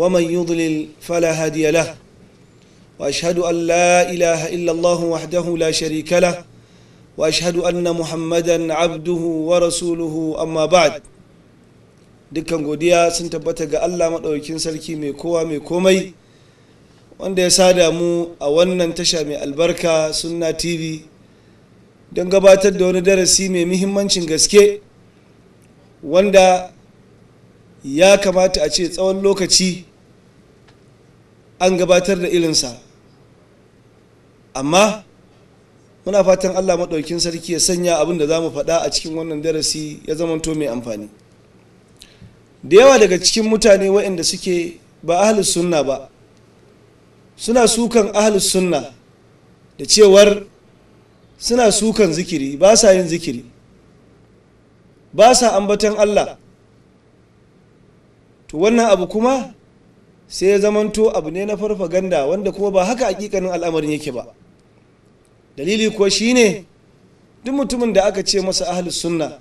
ومن يضلل فلا هادي له واشهد ان لا اله الا الله وحده لا شريك له واشهد ان محمدا عبده ورسوله اما بعد dukkan godiya sun tabbata ga allah maɗaukin sarki mai kowa mai komai wanda ya sa damu a wannan tasha mai albarka sunna tv don gabatar da wani darasi mai muhimmancin gaske wanda ya kamata a ce tsawon lokaci an gabatar da irinsa amma muna fatan allah maɗaukin sarki ya sanya abin da za mu faɗa a cikin wannan darasi ya zamanto mai amfani da yawa daga cikin mutane waɗanda suke ba ahlus sunna ba suna sukan ahlus sunna da cewar suna sukan zikiri ba sa yin zikiri ba sa ambatan allah to wannan abu kuma sai ya zamanto abu ne na farfaganda wanda kuma ba haka hakikanin al'amarin yake ba dalili kuwa ne duk mutumin da aka ce masa ahli sunna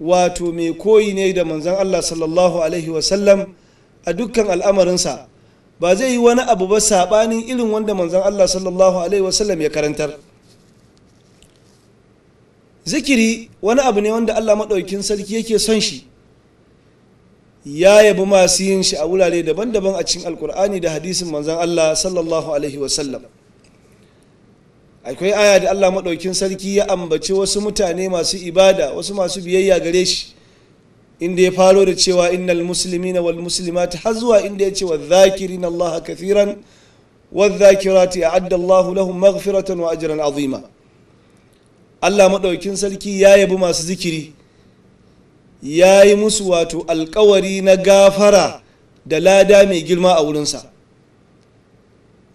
wato mai koyi ne da manzan Allah sallallahu alaihi wasallam a dukkan al'amarinsa ba zai yi wani abu ba saɓanin irin wanda manzan Allah sallallahu alaihi wasallam ya karantar zikiri wani abu ne wanda Allah maɗaukin sarki yake son shi ya yabi masu yin shi a wurare daban-daban a cikin alkur'ani da hadisin manzan Allah sallallahu alaihi wasallam akwai aya da Allah maɗaukin sarki ya ambaci wasu mutane masu ibada wasu masu biyayya gare shi inda ya faro da cewa innal muslimina wal muslimat har zuwa inda ya ce wa zakirin Allah kathiran wa zakirati a'adda Allah lahum maghfiratan wa ajran azima Allah maɗaukin sarki ya yabi masu zikiri ya yi musu wato alkawari na gafara da lada mai girma a wurinsa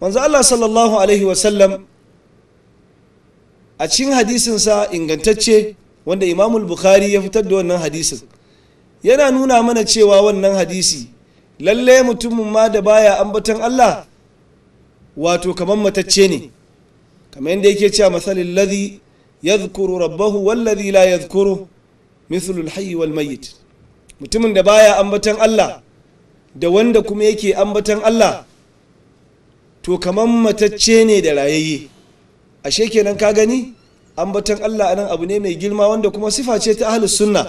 manzo Allah sallallahu alaihi wasallam a cikin hadisinsa ingantacce wanda imamul bukhari ya fitar da wannan hadisin yana nuna mana cewa wannan hadisi lalle mutumin ma da baya ambatan Allah wato kamar matacce ne kamar yadda yake cewa masalin ladhi yadhkuru rabbahu wallazi la yadhkuru mithlul hayy wal mayyit mutumin da baya ambatan Allah da wanda kuma yake ambatan Allah to kaman matacce ne da rayayye ashe kenan ka gani ambatan Allah anan abu ne mai girma wanda kuma sifa ce ta ahlus sunna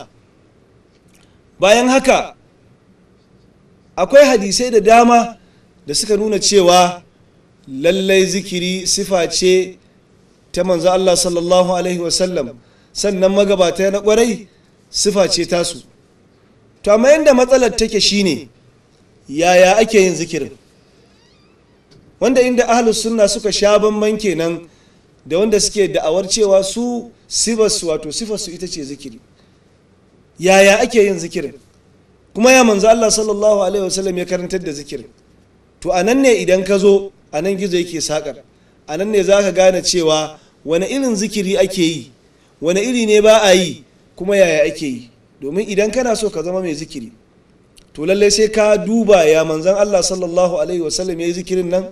bayan haka akwai hadisai da dama da suka nuna cewa lallai zikiri sifa ce ta manzo Allah sallallahu alaihi wasallam sannan magabata na kwarai sifa ce tasu to amma yadda matsalar take shine yaya ake yin zikirin wanda inda ahlus sunna suka sha bamban kenan da wanda suke da'awar cewa su sifarsu wato sifarsu ita ce zikiri yaya ake yin zikirin kuma ya manzo Allah sallallahu alaihi wasallam ya karantar da zikirin to anan ne idan ka zo anan gizo yake sakar anan ne zaka gane cewa wani irin zikiri ake yi wani iri ne ba a yi kuma yaya ake yi domin idan kana so ka zama mai zikiri to lallai sai ka duba ya manzan Allah sallallahu alaihi wasallam ya yi zikirin nan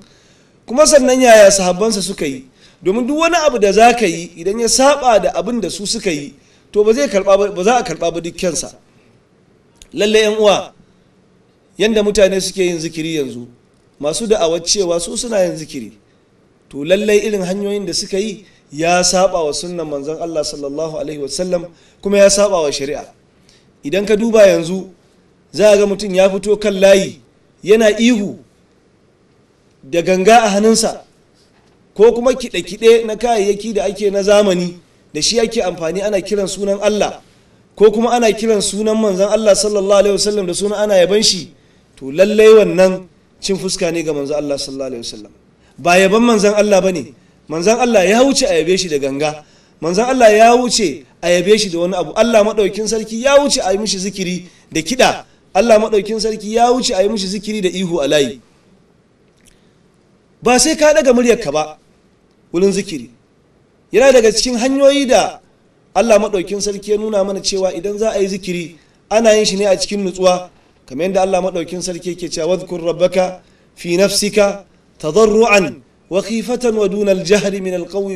kuma sannan yaya sahabbansa suka yi domin duk wani abu da za ka yi idan ya saba da abin da su suka yi to ba zai karba ba za a karba ba dukkansa lallai yan uwa yanda mutane suke yin zikiri yanzu masu da'awar cewa su suna yin zikiri to lallai irin hanyoyin da suka yi ya saba wa sunnan manzon Allah sallallahu alaihi wasallam kuma ya saba wa shari'a idan ka duba yanzu za ga mutum ya fito kan layi yana ihu da ganga a hannunsa ko kuma kiɗe-kiɗe na kayayyaki da ake na zamani da shi ake amfani ana kiran sunan Allah ko kuma ana kiran sunan manzon Allah sallallahu alaihi wasallam da sunan ana yaban shi to lallai wannan cin fuska ne ga manzon Allah sallallahu alaihi wasallam ba yaban manzon Allah bane manzan Allah ya wuce a yabe shi da ganga manzan Allah ya wuce a yabe shi da wani abu Allah maɗaukin sarki ya wuce a yi mishi zikiri da kiɗa Allah maɗaukin sarki ya wuce a yi mishi zikiri da ihu a layi ba sai ka daga muryarka ba wurin zikiri yana daga cikin hanyoyi da Allah maɗaukin sarki ya nuna mana cewa idan za a yi zikiri ana yin shi ne a cikin nutsuwa kamar yadda Allah maɗaukin sarki yake cewa wadhkur rabbaka fi nafsika tadarru'an وخيفة ودون الجهر من القول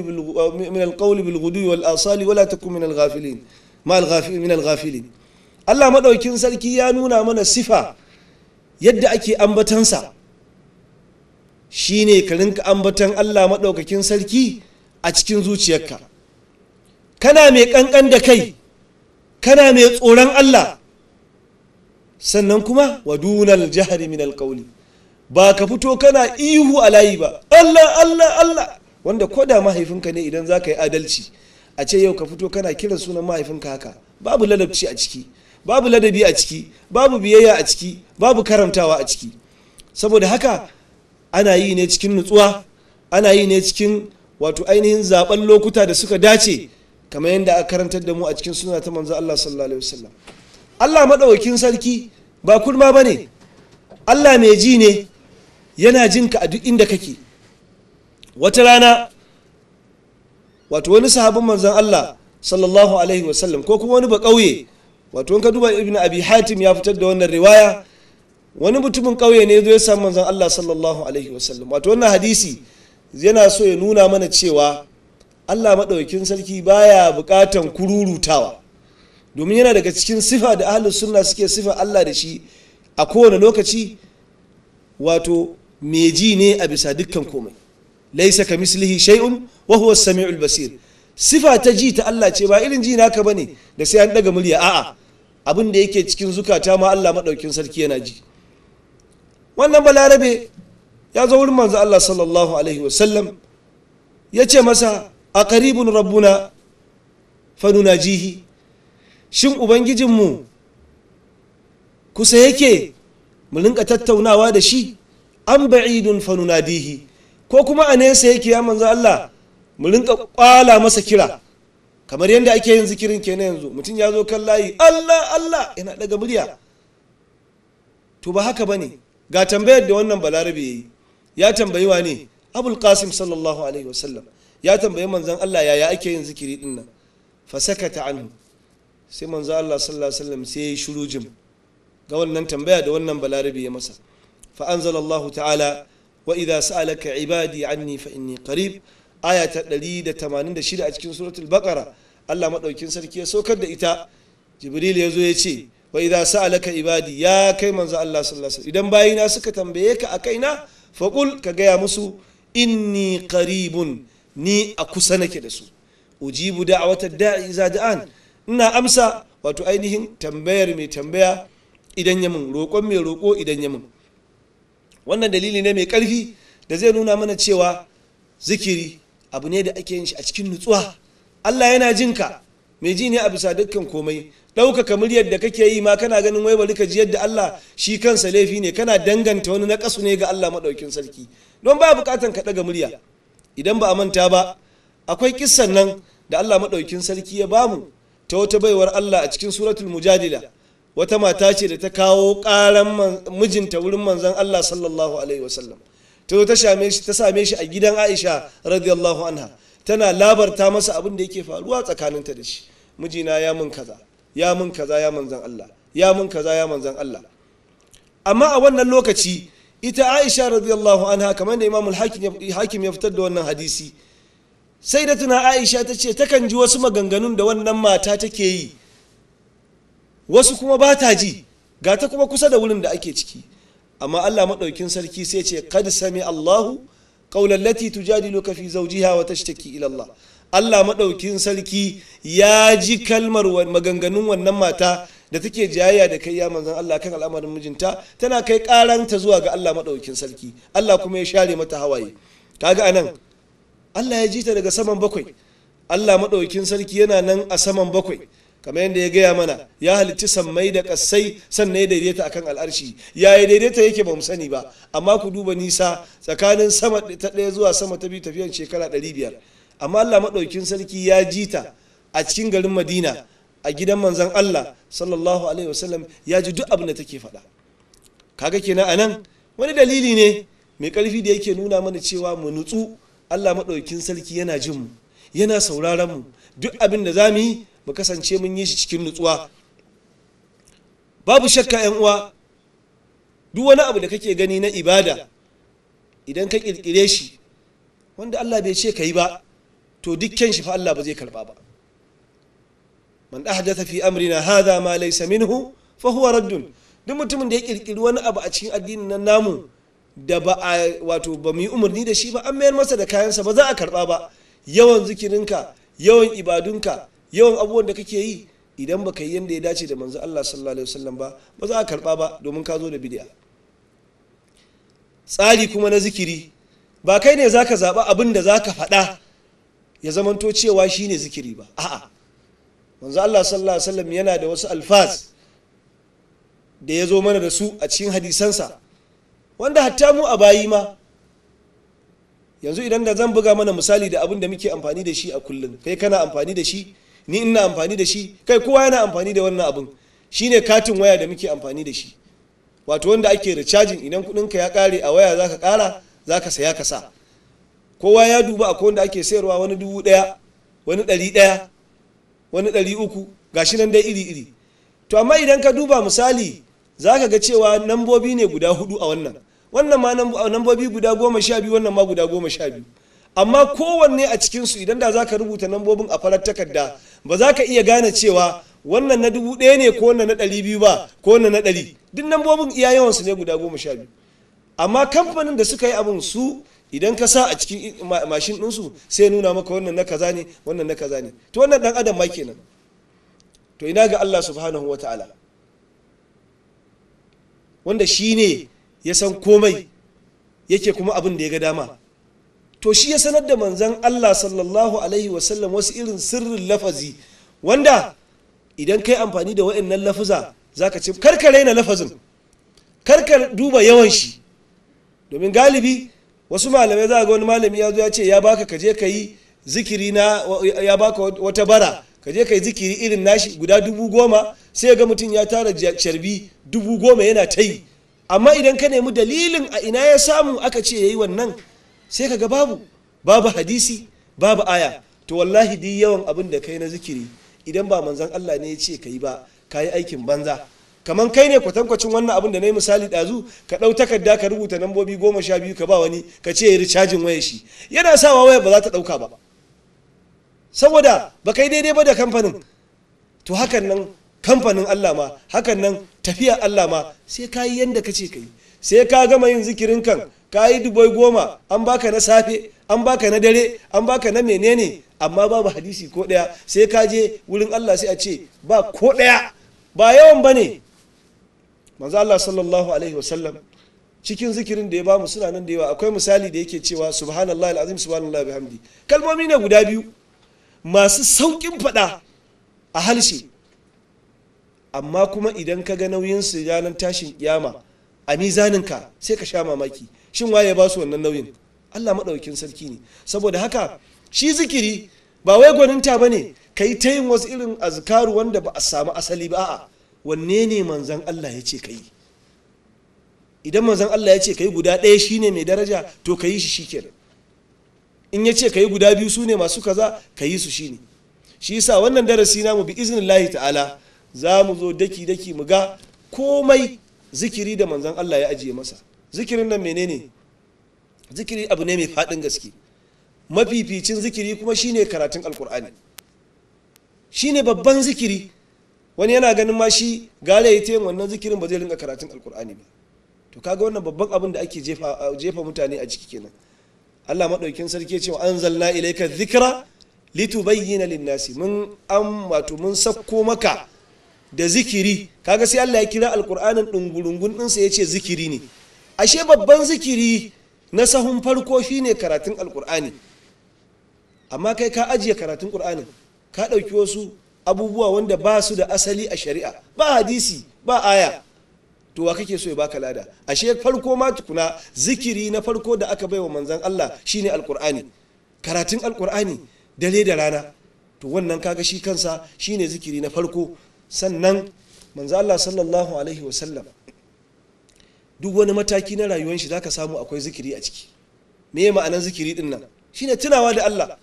من القول بالغدو والآصال ولا تكن من الغافلين ما الغافل من الغافلين الله مدوكين سلكي يا نونا من الصفة يد أكي أنبتنسا shine ka rinka ambatan Allah maɗaukakin sarki a cikin zuciyarka kana mai ƙanƙan da kai kana mai tsoron Allah sannan kuma wa jihar jahari min alƙauli ba ka fito kana ihu a layi ba allah allah allah wanda ko mahaifinka ne idan za ka yi adalci a ce yau ka fito kana kiran sunan mahaifinka haka babu ladabci a ciki babu ladabi a ciki babu biyayya a ciki babu karantawa a ciki saboda haka ana yi ne cikin nutsuwa ana yi ne cikin wato ainihin zaben lokuta da suka dace kamar yadda aka karantar da mu a cikin suna ta manzo Allah sallallahu alaihi wasallam Allah madaukakin sarki ba kurma bane Allah mai ji ne yana jin ka a duk inda kake wata rana wato wani sahabin manzon Allah sallallahu alaihi wasallam ko kuma wani ba ƙauye wato wanka ka duba ibn abi hatim ya fitar da wannan riwaya wani mutumin ƙauye ne zo ya samu manzon Allah sallallahu alaihi wasallam wato wannan hadisi yana so ya nuna mana cewa Allah maɗaukin sarki baya buƙatan kururutawa domin yana daga cikin sifa da ahlus sunna suke sifa Allah da shi a kowane lokaci wato ji ne a bisa dukkan komai laisa ka mislihi shay'un wa huwa samiul basir sifa ta ji ta Allah ce ba irin ji naka bane da sai an daga murya a'a abin da yake cikin zukata ma Allah madaukin sarki yana ji wannan balarabe ya zo wurin manzo Allah sallallahu alaihi wa sallam ya ce masa a qaribun rabbuna fanunajihi shin ubangijinmu kusa yake mu rinka tattaunawa da shi an ba'idun fanunadihi ko kuma a nesa yake ya manzo Allah mu rinka kwala masa kira kamar yadda ake yin zikirin kenan yanzu mutum ya zo kan layi Allah Allah yana daga murya to ba haka bane ga tambayar da wannan balarabe yayi ya tambayi wane ne abul qasim sallallahu alaihi wasallam ya tambayi manzon Allah yaya ake yin zikiri din nan fa sakata anhu sai manzon Allah sallallahu alaihi wasallam sai ya shiru jim ga wannan tambaya da wannan balarabe ya masa فأنزل الله تعالى وإذا سألك عبادي عني فإني قريب آية تدليد تمانين شيرة أتكين سورة البقرة الله مدعو كين سركي سوكر دئتا جبريل يزو يتي وإذا سألك عبادي يا كي منزا الله صلى الله عليه وسلم إذن باينا سكة تنبيك أكينا فقل كجيا مسو إني قريب ني أكسنك لسو أجيب دعوة الداعي إذا دعان إنا أمسى وتؤينهم تنبير مي تنبير إذن يمن روكو مي روكو إذن يمن wannan dalili ne mai ƙarfi da zai nuna mana cewa zikiri abu ne da ake yin shi a cikin nutsuwa Allah yana jin ka mai ji ne a bisa dukkan komai ɗaukaka muryar da kake yi ma kana ganin wai bari ka ji yadda Allah shi kansa laifi ne kana danganta wani naƙasu ne ga Allah maɗaukin sarki don ba buƙatan ka ɗaga murya idan ba a manta ba akwai kissan nan da Allah maɗaukin sarki ya bamu ta wata baiwar Allah a cikin suratul mujadila wata mata ce da ta kawo ƙaran mijinta wurin manzon Allah sallallahu alaihi wasallam ta ta same shi a gidan Aisha radiyallahu anha tana labarta masa abin da yake faruwa tsakaninta da shi mijina ya mun kaza ya mun kaza ya manzon Allah ya mun kaza ya manzon Allah amma a wannan lokaci ita Aisha radiyallahu anha kamar da Imam hakim ya fitar da wannan hadisi sai da tuna Aisha ta ce takan ji wasu maganganun da wannan mata take yi wasu kuma ba ta ji ga ta kuma kusa da wurin da ake ciki amma Allah maɗaukin sarki sai ce kad sami Allahu qawlan lati ka fi zawjiha wa tashtaki ila Allah Allah maɗaukin sarki ya ji kalmar maganganun wannan mata da take jayayya da kai ya manzon Allah kan al'amarin mijinta tana kai karanta zuwa ga Allah maɗaukin sarki Allah kuma ya share mata hawaye kaga anan Allah ya ji ta daga saman bakwai Allah maɗaukin sarki yana nan a saman bakwai kamar yadda ya gaya mana ya halicci sammai da kassai sannan ya daidaita akan al'arshi ya yi daidaita yake ba mu sani ba amma ku duba nisa tsakanin sama ta ɗaya zuwa sama ta biyu tafiyan shekara ɗari biyar amma Allah maɗaukin sarki ya ji ta a cikin garin Madina a gidan manzan Allah sallallahu alaihi wasallam ya ji duk abin da take faɗa kaga kenan anan wani dalili ne mai ƙarfi da yake nuna mana cewa mu nutsu Allah maɗaukin sarki yana jin mu yana sauraron mu duk abin da za mu yi mu kasance mun yi shi cikin nutsuwa babu shakka yan uwa duk wani abu da kake gani na ibada idan ka kirkire shi wanda Allah bai ce kai ba to dukkan shi fa Allah ba zai karba ba man ahdatha fi amrina hadha ma laysa minhu fa huwa raddun duk mutumin da ya kirkiri wani abu a cikin addinin nan namu da ba a wato ba mu yi umarni da shi ba an mayar masa da kayansa ba za a karba ba yawan zikirinka yawan ibadunka yawan abubuwan da kake yi idan baka yi yadda ya dace da manzo Allah sallallahu alaihi wasallam ba ba za a karba ba domin ka zo da bid'a tsari kuma na zikiri ba kai ne zaka zaba abin da zaka faɗa ya zamanto cewa shine zikiri ba a'a manzo Allah sallallahu alaihi wasallam yana da wasu alfaz da ya zo mana da su a cikin hadisansa wanda hatta mu a bayi ma yanzu idan da zan buga mana misali da abin da muke amfani da shi a kullum kai kana amfani da shi ni ina amfani da shi kai kowa yana amfani da wannan abin shine katin waya da muke amfani da shi wato wanda ake recharging idan kudinka ya kare a waya zaka kara zaka saya ka sa kowa ya duba a wanda ake sayarwa wani dubu daya wani dari daya wani dari uku gashi nan dai iri iri to amma idan ka duba misali zaka ga cewa nambobi ne guda hudu a wannan wannan ma nambobi guda goma sha biyu wannan ma guda goma sha biyu amma kowanne a cikinsu idan da za ka rubuta nambobin a farar takarda ba za ka iya gane cewa wannan na dubu ɗaya ne ko wannan na ɗari biyu ba ko wannan na ɗari duk nambobin iya yawansu ne guda goma sha biyu amma kamfanin da suka yi abin su idan ka sa a cikin mashin ɗinsu sai nuna maka wannan na kaza ne wannan na kaza ne to wannan ɗan adam ma kenan to ina ga Allah subhanahu wa ta'ala wanda shi ne ya san komai yake kuma abin da ya ga dama to shi ya sanar da manzan Allah sallallahu alaihi wasallam wasu irin sirrin lafazi wanda idan kai amfani da wa'annan lafuza ka ce karka raina lafazin karka duba yawan shi domin galibi wasu malamai za ga wani malami ya zo ya ce ya baka ka je ka yi zikiri na ya baka wata bara ka je ka yi zikiri irin nashi guda dubu goma sai ga mutum ya tara carbi dubu goma yana ta yi amma idan ka nemi dalilin a ina ya samu aka ce ya yi wannan sai ka ga babu babu hadisi babu aya to wallahi di yawan abin da kai na zikiri idan ba manzan Allah ne ya ce ka yi ba ka yi aikin banza kamar kai ne kwatankwacin wannan abin da na yi misali ɗazu ka ɗau takarda ka rubuta nambobi goma sha biyu ka ba wani ka ce cajin ricajin wayar shi yana sawa waya ba za ta ɗauka ba saboda ba kai daidai ba da kamfanin to hakan nan kamfanin Allah ma hakan nan tafiya Allah ma sai ka yi yanda ka ce ka yi sai ka gama yin zikirin kan ka yi dubai goma an baka na safe an baka na dare an baka na menene amma babu hadisi ko ɗaya sai ka je wurin allah sai a ce ba ko ɗaya ba yawan bane. ne manzo allah sallallahu alaihi wasallam cikin zikirin da ya bamu suna nan da yawa akwai misali da yake cewa subhanallahi alazim subhanallahi bihamdi kalmomi ne guda biyu masu saukin fada a halshe amma kuma idan ka ga nauyin su ranar tashin kiyama a mizaninka sai ka sha mamaki shin waye ba su wannan nauyin allah maɗaukin sarki ne saboda haka shi zikiri ba wai gwaninta ba ne ka yi ta yin wasu irin azkaru wanda ba a samu asali ba a. wanne ne manzan allah ya ce ka yi idan manzan allah ya ce ka yi guda ɗaya shine mai daraja to ka yi shi shikenan in ya ce ka yi guda biyu su ne masu kaza ka yi su shine shi yasa wannan darasi namu bi iznillahi ta'ala za mu zo daki daki mu ga komai zikiri da manzan allah ya ajiye masa zikirin nan menene zikiri abu ne mai fadin gaske mafificin zikiri kuma shine karatun alkur'ani shine babban zikiri wani yana ganin ma shi gale ya yin wannan zikirin ba zai rinka karatun alkur'ani ba to kaga wannan babban abin da ake jefa mutane a ciki kenan Allah maɗaukin sarki ya ce wa anzalna ilayka zikira litu lin linnasi mun an wato mun sakko maka da zikiri kaga sai Allah ya kira alkur'anin ɗungurungun ɗinsa ya ce zikiri ne ashe babban zikiri na sahun farko shine karatun alkur'ani amma kai ka ajiye karatun ƙur'anin ka ɗauki wasu abubuwa wanda ba su da asali a shari'a ba hadisi ba aya to wa kake so ya baka lada ashe farko ma tukuna zikiri na farko da aka baiwa manzan Allah shine alkur'ani karatun alkur'ani dare da rana to wannan kaga shi kansa shine zikiri na farko sannan manzan Allah sallallahu alaihi wasallam duk wani mataki na rayuwar shi zaka samu akwai zikiri a ciki me ya ma'anar zikiri din nan shine tunawa da Allah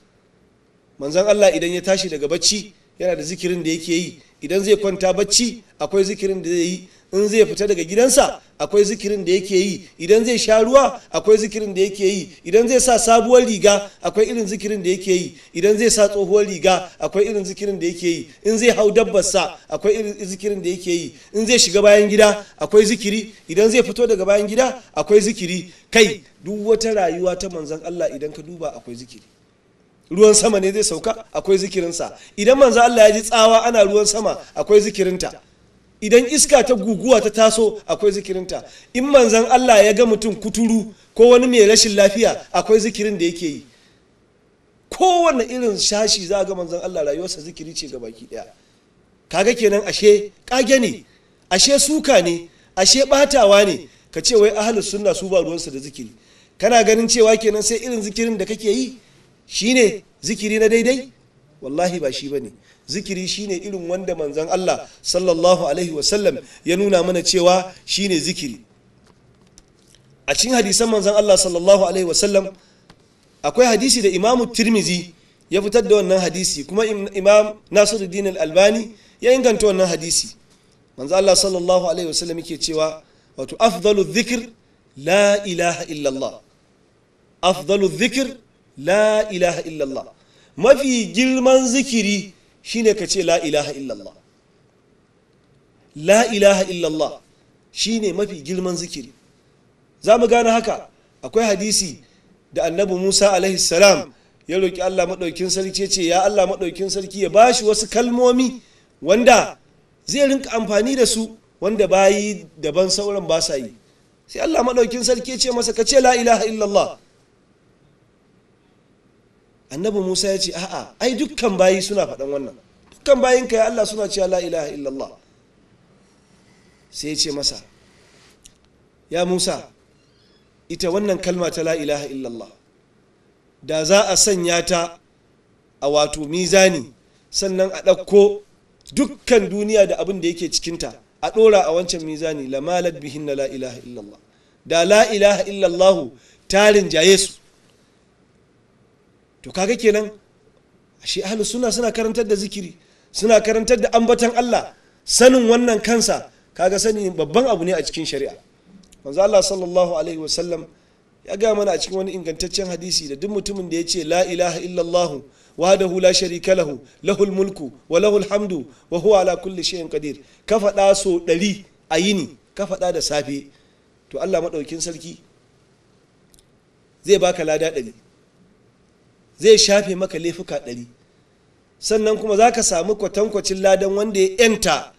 manzon Allah idan ya tashi daga bacci yana da zikirin da yake yi idan zai kwanta bacci akwai zikirin da zai yi in zai fita daga gidansa akwai zikirin da yake yi idan zai sha ruwa akwai zikirin da yake yi idan zai sa sabuwar riga akwai irin zikirin da yake yi idan zai sa tsohuwar riga akwai irin zikirin da yake yi in zai hau dabbarsa akwai irin zikirin da yake yi in zai shiga bayan gida akwai zikiri idan zai fito daga bayan gida akwai zikiri kai duk wata rayuwa ta manzon Allah idan ka duba akwai zikiri ruwan sama ne zai sauka akwai zikirinsa idan manzo Allah ya ji tsawa ana ruwan sama akwai zikirinta idan iska ta guguwa ta taso akwai zikirinta in manzan Allah ya ga mutum kuturu ko wani mai rashin lafiya akwai zikirin da yake yi kowane irin shashi za ga manzan Allah rayuwarsa zikiri ce ga baki daya kaga kenan ashe kage ne ashe suka ne ashe batawa ne ka ce wai ahlus sunna su ba ruwansu da zikiri kana ganin cewa kenan sai irin zikirin da kake yi shine zikiri na daidai wallahi ba shi bane zikiri shine irin wanda manzan Allah sallallahu alaihi wasallam ya nuna mana cewa shine zikiri a cikin hadisan manzan Allah sallallahu alaihi wasallam akwai hadisi da imamu tirmizi ya fitar da wannan hadisi kuma imam nasiruddin al-albani ya inganta wannan hadisi Manzan Allah sallallahu alaihi wasallam yake cewa wato afdalu zikir la ilaha illallah afdalu zikir. la ilaha illallah mafi girman zikiri shine ka ce la ilaha illallah la ilaha illallah shine mafi girman zikiri za mu gane haka akwai hadisi da annabi musa alaihi ya roƙi allah maɗaukin sarki ce ya allah maɗaukin sarki ya bashi wasu kalmomi wanda zai rinka amfani da su wanda bayi daban sauran ba sa yi sai allah maɗaukin sarki ce masa ka ce la ilaha illallah annabi musa ya ce a'a ai dukkan bayi suna faɗan wannan dukkan bayinka ya allah suna cewa la ilaha illallah sai ya ce masa ya musa ita wannan kalma ta la ilaha illallah da za a sanya ta a wato mizani sannan a ɗauko dukkan duniya da abin da yake cikinta a ɗora a wancan mizani bihin na la ilaha illallah da la ilaha illallahu tarin jaye su to kaga kenan shi ahlu suna suna karantar da zikiri suna karantar da ambatan Allah sanin wannan kansa kaga sani babban abu ne a cikin shari'a manzo Allah sallallahu alaihi sallam ya ga mana a cikin wani ingantaccen hadisi da duk mutumin da ya ce la ilaha illallah wahdahu la sharika lahu lahul mulku wa lahul hamdu wa huwa ala kulli shay'in qadir ka faɗa so ɗari a yini ka faɗa da safe to Allah maɗaukin sarki zai baka lada ɗari zai shafe maka laifuka ɗari sannan kuma za ka samu kwatankwacin ladan wanda ya yanta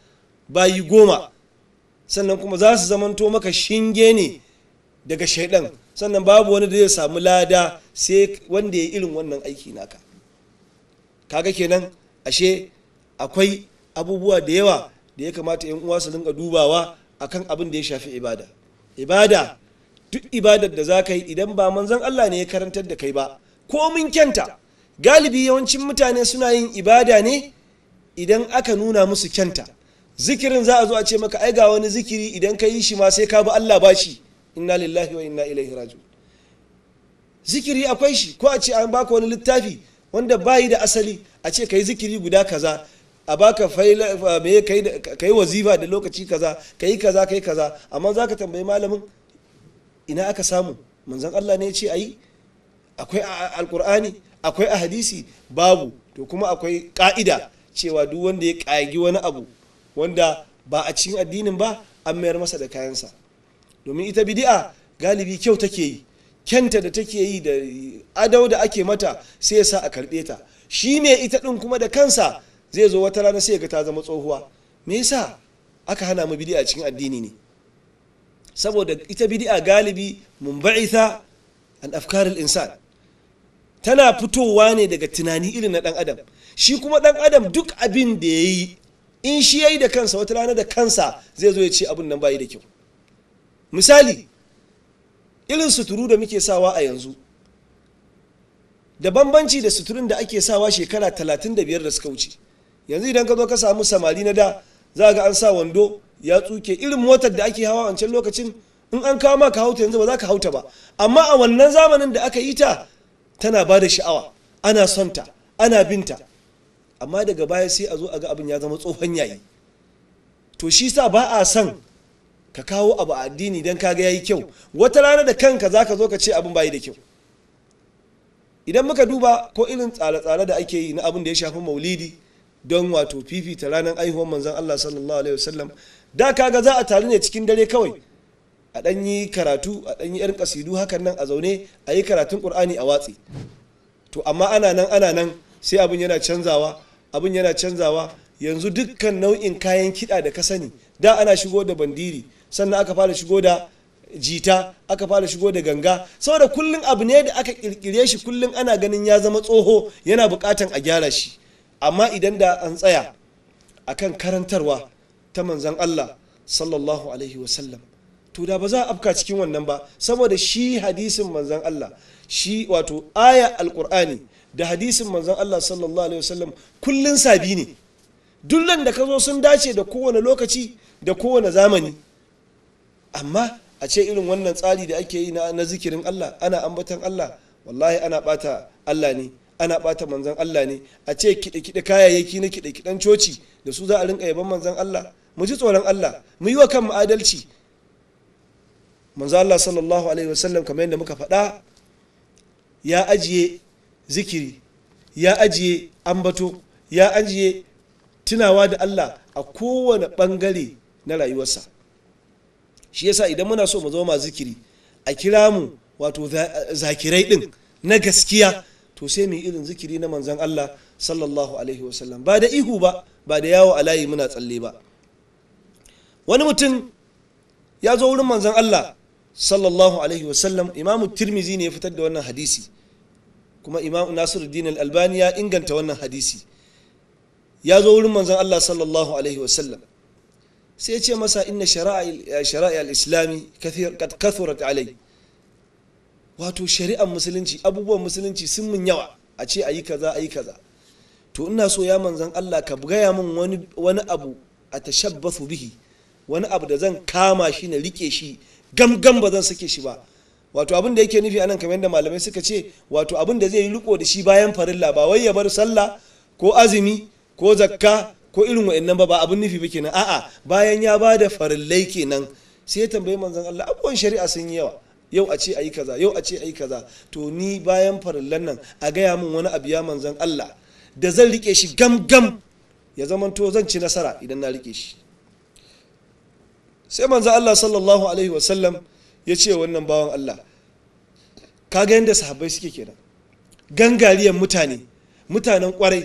bayi goma sannan kuma za su zamanto maka shinge ne daga shaidan sannan babu wani da zai samu lada sai wanda ya irin wannan aiki naka kaga kenan ashe akwai abubuwa da yawa da ya kamata yan uwa su dinga dubawa akan abin da ya shafi ibada ibada duk ibadar da za ka yi idan ba manzon Allah ne ya karantar da kai ba Ko mun kyanta galibi yawancin mutane suna yin ibada ne idan aka nuna musu kyanta zikirin za a zo a ce maka ai ga wani zikiri idan ka yi shi ma sai ka bi Allah ba shi inna lillahi wa inna ilaihi raji'un zikiri akwai shi ko a ce an baka wani littafi wanda bayi da asali a ce ka zikiri guda kaza a baka me kai wazifa da lokaci kaza ka kaza kai kaza amma zaka ka tambayi malamin ina aka samu manzon Allah ne ya ce a akwai alkur'ani akwai a hadisi babu to kuma akwai ka'ida cewa duk wanda ya kagi wani abu wanda ba a cikin addinin ba an mayar masa da kayansa domin ita bidi'a galibi kyau take yi kyanta da take yi da adau da ake mata sai ya sa a karbe ta shi ne ita ɗin kuma da kansa zai zo wata rana sai ga ta zama tsohuwa me yasa aka hana mu bidi'a cikin addini ne saboda ita bidi'a galibi mumba'itha an afkaril insan tana fitowa ne daga tunani irin na dan adam shi kuma ɗan adam duk abin da ya yi in shi ya yi da kansa wata rana da kansa zai zo ya ce abin nan bayi da kyau misali irin suturu da muke sawa a yanzu da bambanci da suturun da ake sawa shekara 35 da suka wuce yanzu idan ka zo ka samu samari na da za ga an sa wando ya tsuke irin motar da ake hawa wancan lokacin in an kawo maka hauta yanzu ba za ka hauta ba amma a wannan zamanin da aka yi ta tana ba da sha'awa ana son ta ana binta amma daga baya sai a zo a ga abin ya zama tsohon yayi to shi sa ba a son ka kawo abu a addini don kaga yayi kyau wata rana da kanka zaka zo ka ce abin bayi da kyau idan muka duba ko irin tsare-tsare da ake yi na abin da ya shafi maulidi don wato fifita ranar aihuwar manzon Allah sallallahu alaihi wasallam da kaga za a taru ne cikin dare kawai a ɗan yi karatu a ɗan yi 'yan kasidu hakan nan a zaune a yi karatun ƙur'ani a watsi to amma ana nan ana nan sai abin yana canzawa abin yana canzawa yanzu dukkan nau'in kayan kiɗa da ka sani da ana shigo da bandiri sannan aka fara shigo da jita aka fara shigo da ganga saboda kullum abu ne da aka kirkire shi kullum ana ganin ya zama tsoho yana bukatan a gyara shi amma idan da an tsaya akan karantarwa ta manzan Allah sallallahu alaihi wasallam to da ba za a afka cikin wannan ba saboda shi hadisin manzan Allah shi wato aya alkur'ani da hadisin manzan Allah sallallahu alaihi wasallam kullun sabi ne dullan da ka zo sun dace da kowane lokaci da kowane zamani amma a ce irin wannan tsari da ake yi na zikirin Allah ana ambatan Allah wallahi ana bata Allah ne ana bata manzan Allah ne a ce kiɗe-kiɗe kayayyaki na kiɗe-kiɗen coci da su za a rinka yaban manzan Allah mu ji tsoron Allah mu yi wa kanmu adalci manzo Allah sallallahu alaihi wasallam kamar yadda muka faɗa ya ajiye zikiri ya ajiye ambato ya ajiye tunawa da Allah a kowane ɓangare na rayuwarsa shi yasa idan muna so mu zama zikiri a kira mu wato zakirai ɗin na gaskiya to sai mu irin zikiri na manzan Allah sallallahu alaihi wasallam ba da ihu ba ba da yawo a layi muna tsalle ba wani mutum ya zo wurin manzan Allah sallallahu alaihi wasallam imamu tirmizi ne ya fitar da wannan hadisi kuma imamu nasiruddin al-albani ya inganta wannan hadisi ya zo wurin manzon Allah sallallahu alaihi wasallam sai ya ce masa inna shara'i al-islami kad kathurat alai wato shari'ar musulunci abubuwan musulunci sun mun yawa a ce ayi kaza ayi kaza to ina so ya manzon Allah ka buga min wani wani abu a tashabbathu bihi wani abu da zan kama shi na rike shi gamgam ba zan sake shi ba wato abin da yake nufi anan kamar yadda malamai suka ce wato abin da zai yi riko da shi bayan farilla ba wai ya bar sallah ko azumi ko zakka ko irin wa'annan ba ba abin nufi ba kenan a'a bayan ya ba da farillai kenan sai ya tambayi manzon Allah abubuwan shari'a sun yi yawa yau a ce ayi kaza yau a ce ayi kaza to ni bayan farillan nan a gaya min wani abu ya manzon Allah da zan rike shi gamgam gam ya zamanto zan ci nasara idan na rike shi sai manzan Allah sallallahu alaihi wasallam ya ce wannan bawan Allah Ka ga yadda sahabbai suke kenan gangariyan mutane mutanen kwarai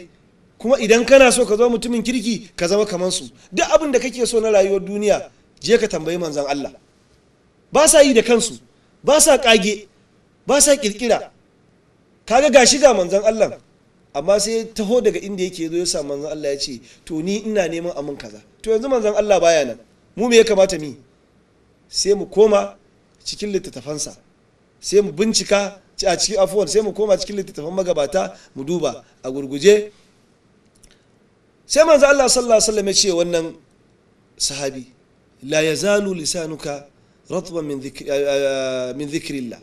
kuma idan kana so ka zo mutumin kirki ka zama kamar su duk abin da kake so na rayuwar duniya je ka tambayi manzon Allah ba sa yi da kansu ba sa kage ba sa kirkira kaga gashi ga manzon Allah amma sai taho daga inda yake zo ya sa manzon Allah ya ce to ni ina neman amin kaza to yanzu manzan Allah baya nan mu me ya kamata mi sai mu koma cikin littattafansa sai mu bincika a cikin afuwan sai mu koma cikin littattafan magabata mu duba a gurguje sai manzo Allah sallallahu alaihi wasallam ya ce wannan sahabi la yazalu lisanuka ratban min dhikri min dhikrillah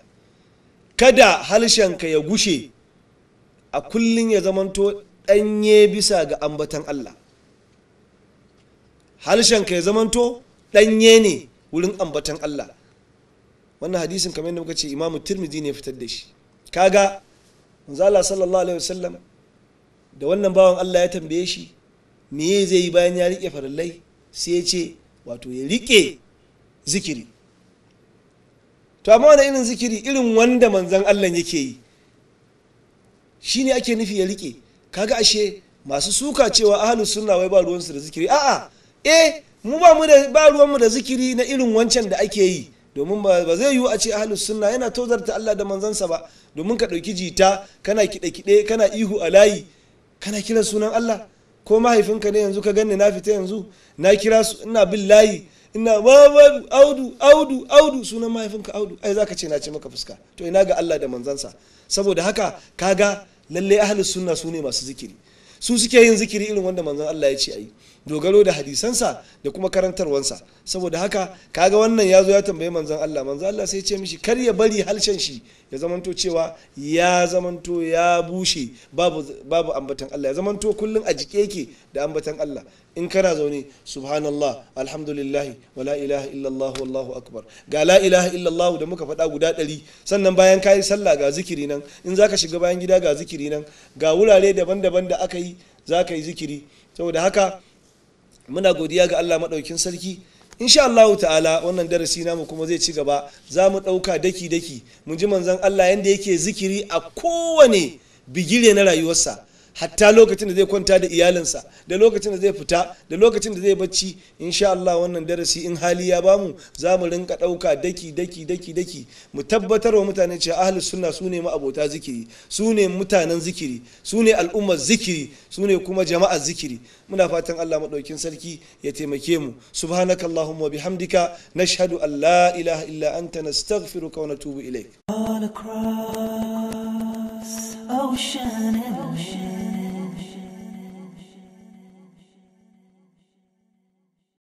kada halshenka ya gushe a kullun ya zamanto danye bisa ga ambatan Allah ka ya zamanto ɗanye ne wurin ambatan Allah wannan hadisin kamar yadda muka ce imamu tirmidhi ne fitar da shi kaga manzala sallallahu alaihi wasallam da wannan bawan Allah ya tambaye shi me zai yi bayan ya rike farallai sai ya ce wato ya rike zikiri to amma wani irin zikiri irin wanda manzan Allah yake yi shi ne ake nufi ya rike kaga ashe masu suka cewa ahlus sunna wai ba ruwansu da zikiri a'a E mu ba mu da ba ruwanmu da zikiri na irin wancan da ake yi domin ba zai yiwu a ce ahlus sunna yana tozarta Allah da manzansa ba domin ka ɗauki jita kana kiɗe-kiɗe kana ihu a layi kana kira sunan Allah ko mahaifinka ne yanzu ka ganni na fita yanzu na kira su ina bin layi ina babu audu audu audu sunan mahaifinka audu ai zaka ce na ce maka fuska to ina ga Allah da manzansa saboda haka kaga lalle ahlus sunna su ne masu zikiri su suke yin zikiri irin wanda manzon Allah ya ce yi. dogaro da hadisansa da kuma karantarwansa saboda haka kaga wannan ya zo ya tambayi manzan Allah manzan Allah sai ce mishi kar ya bari halshen shi ya zamanto cewa ya zamanto ya bushe babu babu ambatan Allah ya zamanto kullun a jike yake da ambatan Allah in kana zaune subhanallah alhamdulillah wala ilaha illallah wallahu akbar ga la ilaha illallah da muka faɗa guda ɗari sannan bayan kayi sallah ga zikiri nan in zaka shiga bayan gida ga zikiri nan ga wurare daban-daban da aka yi zaka yi zikiri saboda haka muna godiya ga Allah maɗaukin sarki insha Allah ta'ala wannan darasi namu kuma zai ci gaba za mu ɗauka daki-daki mu ji manzan Allah yadda yake zikiri a kowane bigire na rayuwarsa hatta lokacin da zai kwanta da iyalinsa da lokacin da zai fita da lokacin da zai bacci insha Allah wannan darasi in hali ya bamu za mu rinka ɗauka daki daki daki daki mu tabbatar wa mutane cewa ahli sunna su ne ma'abota zikiri su mutanen zikiri sune ne al'ummar zikiri sune kuma jama'a zikiri muna fatan Allah maɗaukin sarki ya taimake mu subhanaka allahumma bihamdika nashhadu an la ilaha illa anta nastaghfiruka wa natubu ilayk ocean ocean